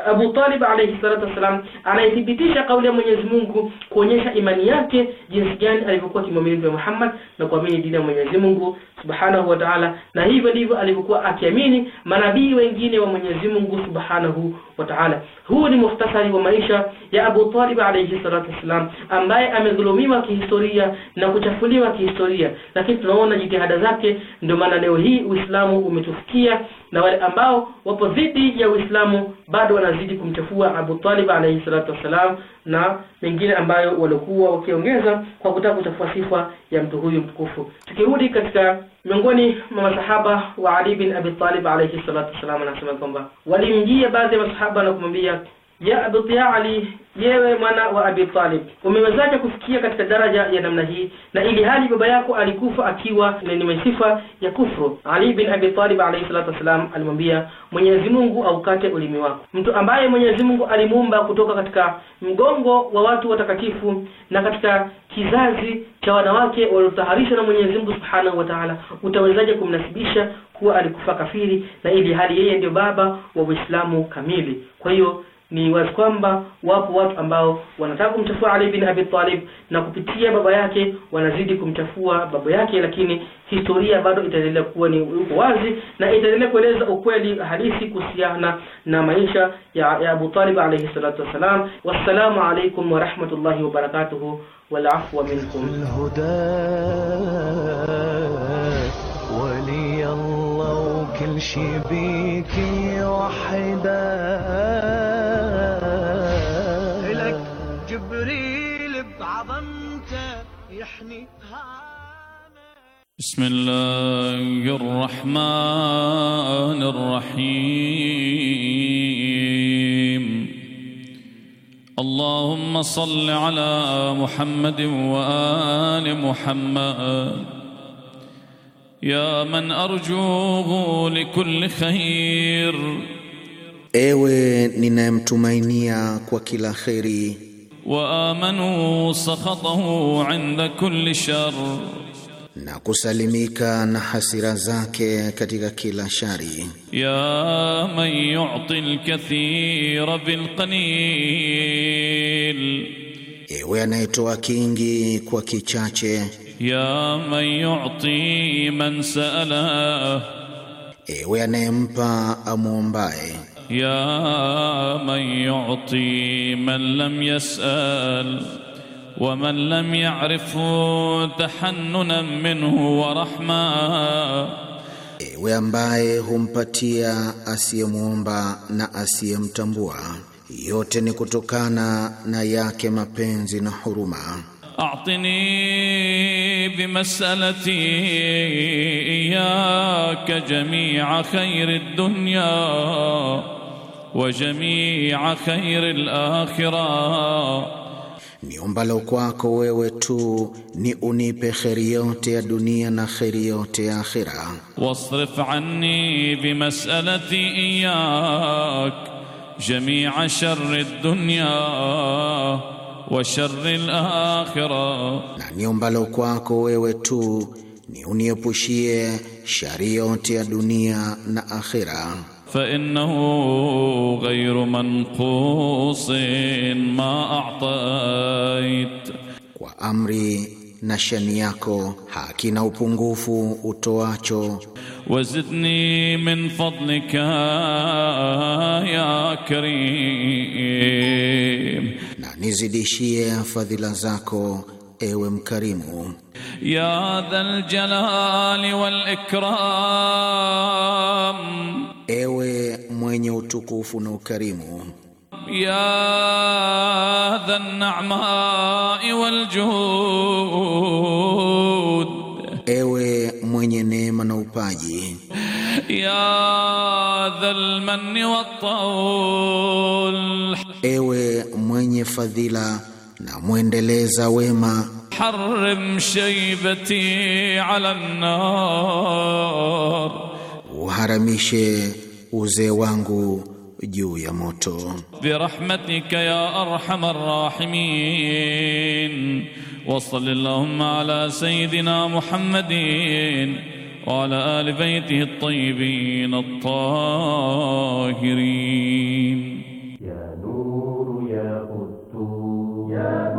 Abu Talib alayhi salatu wassalam anaithibitisha kauli ya Mwenyezi Mungu kuonyesha imani yake jinsi gani alivyokuwa kimwamini Muhammad na kuamini dini ya Mwenyezi Mungu subhanahu wa ta'ala, na hivyo ndivyo alivyokuwa akiamini manabii wengine wa Mwenyezi Mungu subhanahu wa ta'ala. Huu ni muhtasari wa maisha ya Abu Talib alayhi salatu wassalam, ambaye amedhulumiwa kihistoria na kuchafuliwa kihistoria, lakini tunaona jitihada zake. Ndio maana leo hii Uislamu umetufikia na wale ambao wapo dhidi ya Uislamu bado wanazidi kumchafua Abu Talib alayhi salatu wasalam na mengine ambayo walikuwa wakiongeza kwa kutaka kuchafua sifa ya mtu huyu mtukufu. Tukirudi katika miongoni mwa masahaba wa Ali bin Abi Talib alayhi salatu wasalam, anasema kwamba walimjia baadhi ya masahaba na kumwambia ya Abu Ali, yewe mwana wa Abi Talib, umewezaje kufikia katika daraja ya namna hii, na ili hali baba yako alikufa akiwa ni masifa ya kufru? Ali bin Abi Talib alayhi salatu wasalam alimwambia Mwenyezi Mungu aukate ulimi wako. Mtu ambaye Mwenyezi Mungu alimuumba kutoka katika mgongo wa watu watakatifu na katika kizazi cha wanawake waliotaharishwa na Mwenyezi Mungu Subhanahu wa Ta'ala, utawezaje kumnasibisha kuwa alikufa kafiri, na ili hali yeye ndio baba wa Uislamu kamili? Kwa hiyo ni wazi kwamba wapo watu ambao wanataka kumchafua Ali bin Abi Talib na kupitia baba yake wanazidi kumchafua baba yake, lakini historia bado itaendelea kuwa ni uko wazi na itaendelea kueleza ukweli halisi kuhusiana na maisha ya, ya Abu Talib alayhi salatu wassalam. Wassalamu alaykum wa rahmatullahi wa barakatuhu wal afwa minkum. بسم الله الرحمن الرحيم اللهم صل على محمد وآل محمد يا من أرجوه لكل خير ايوه ننام تمينيا وكلا خيري وآمنوا سخطه عند كل شر na kusalimika na hasira zake katika kila shari. ya man yu'ti al-kathira bil qalil, ewe anayetoa kingi kwa kichache. ya man yu'ti man sa'ala, ewe anayempa amwombaye. ya man yu'ti man lam yas'al ومن لم يعرفه tahannunan minhu wa rahma, ewe ambaye humpatia asiyemwomba na asiyemtambua, yote ni kutokana na yake mapenzi na huruma. أعطني بمسألتي إياك جميع خير الدنيا وجميع خير الآخرة niombalo kwako wewe tu ni unipe kheri yote ya dunia na kheri yote ya akhira. wasrif anni mas'alati iyyak jamia ad dunya wa shari alakhira, na niombalo kwako wewe tu ni uniepushie shari yote ya dunia na akhira فإنه غير منقوص ما أعطيت وأمري نشني يكو حاكينا upungufu utoacho وزدني من فضلك يا كريم نزدشي فضل زاكو ewe mkarimu ya dhal jalali wal ikram ewe mwenye utukufu na ukarimu. ya dha nama'i wal juhud, ewe mwenye neema na upaji. ya dha almanni wat taul, ewe mwenye fadhila na mwendeleza wema. harim shaybati ala an-nar uharamishe uzee wangu juu ya moto. Birahmatika ya arhamar rahimin wa sallallahu ala sayidina Muhammadin wa ala ali baitihi at-tayyibin at-tahirin ya nur ya qudus ya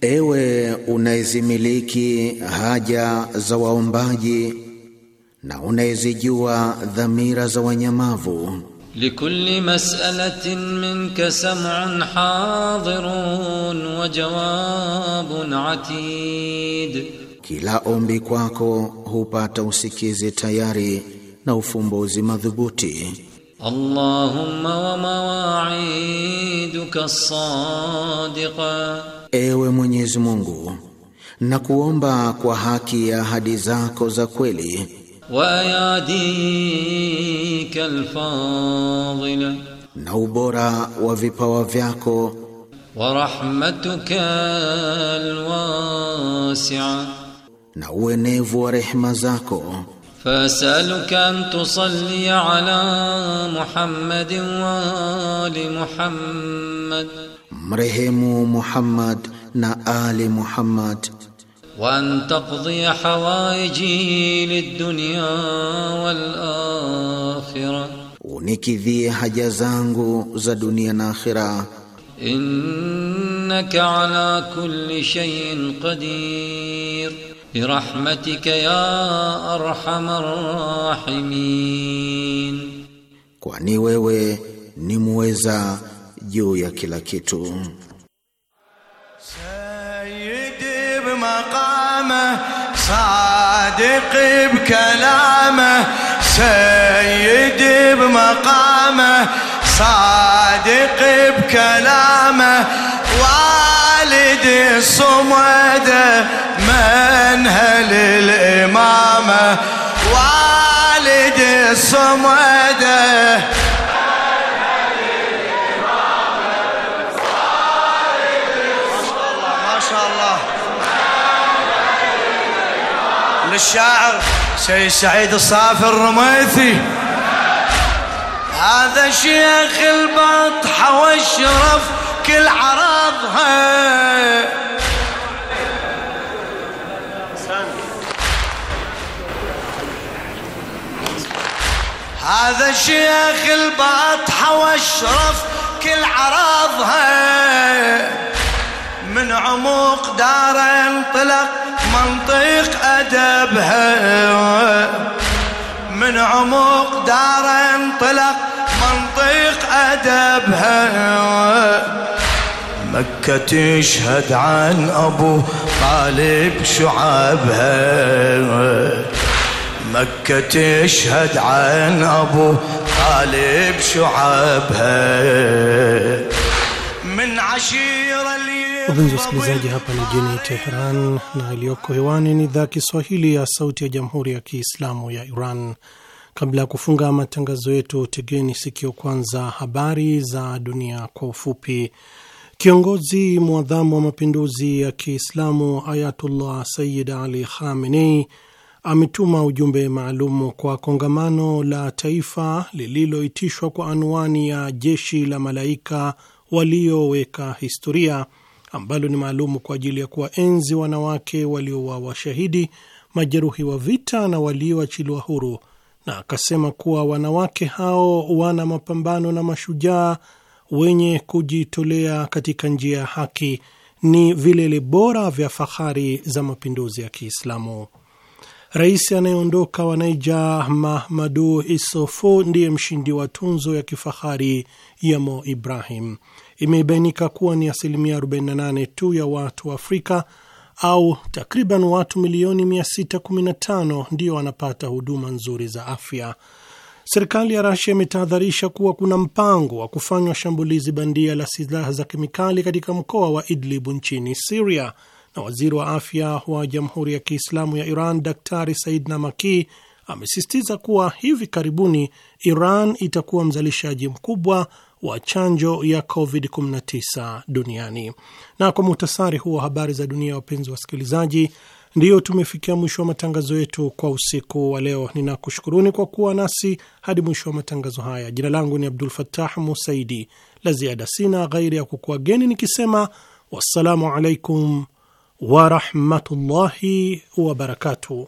Ewe unaezimiliki haja za waombaji na unayezijua dhamira za wanyamavu. Likulli mas'alatin minka sam'un hadirun wa jawabun atid, kila ombi kwako hupata usikizi tayari na ufumbuzi madhubuti. Allahumma wa mawa'iduka sadiqa Ewe Mwenyezi Mungu, na kuomba kwa haki ya ahadi zako za kweli Wa wayadika alfadila, na ubora wa vipawa vyako Wa warahmatuka alwasi'a, na uenevu wa rehema zako Fasaluka فاسألك أن تصلي على محمد وآل محمد mrehemu Muhammad na ali Muhammad وأن تقضي حوائجي للدنيا والآخرة unikidhie haja zangu za dunia na akhira innaka ala kulli shay'in qadir birahmatika ya arhamar rahimin kwani wewe ni muweza juu ya kila kitu. Sayyidi bmaqama sadiq bkalama Sayyidi bmaqama sadiq bkalama والد الصمد منهل الإمامة والد الصمد الشاعر سيد سعيد الصافي الرميثي هذا شيخ البطحة والشرف كل عرضها هذا شيخ البطحة والشرف كل عرضها من عمق دار انطلق منطق أدبها من عمق دار انطلق منطق أدبها مكة تشهد عن أبو طالب شعبها مكة تشهد عن أبو طالب شعبها من عشيرة Wapenzi wasikilizaji, hapa ni jini Teheran na iliyoko hewani ni idhaa Kiswahili ya Sauti ya Jamhuri ya Kiislamu ya Iran. Kabla ya kufunga matangazo yetu, tegeni sikio kwanza habari za dunia kwa ufupi. Kiongozi mwadhamu wa mapinduzi ya Kiislamu Ayatullah Sayyid Ali Khamenei ametuma ujumbe maalumu kwa kongamano la taifa lililoitishwa kwa anwani ya jeshi la malaika walioweka historia ambalo ni maalumu kwa ajili ya kuwaenzi wanawake waliouawa washahidi majeruhi wa vita na walioachiliwa huru, na akasema kuwa wanawake hao wana mapambano na mashujaa wenye kujitolea katika njia ya haki ni vilele bora vya fahari za mapinduzi ya Kiislamu. Rais anayeondoka wa Naija, Mahmadu Issoufou, ndiye mshindi wa tunzo ya kifahari ya Mo Ibrahim imebainika kuwa ni asilimia 48 tu ya watu wa Afrika au takriban watu milioni 615 ndio wanapata huduma nzuri za afya. Serikali ya Rasia imetahadharisha kuwa kuna mpango wa kufanywa shambulizi bandia la silaha za kemikali katika mkoa wa Idlib nchini Siria, na waziri wa afya wa Jamhuri ya Kiislamu ya Iran Daktari Said Namaki amesisitiza kuwa hivi karibuni Iran itakuwa mzalishaji mkubwa wa chanjo ya COVID-19 duniani. Na kwa muhtasari huu wa habari za dunia, wapenzi wasikilizaji, ndiyo tumefikia mwisho wa matangazo yetu kwa usiku wa leo. Ninakushukuruni kwa kuwa nasi hadi mwisho wa matangazo haya. Jina langu ni Abdul fatah Musaidi. La ziada sina ghairi ya kukuageni nikisema wassalamu alaikum warahmatullahi wabarakatuh.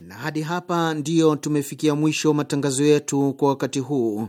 Na hadi hapa ndiyo tumefikia mwisho matangazo yetu kwa wakati huu.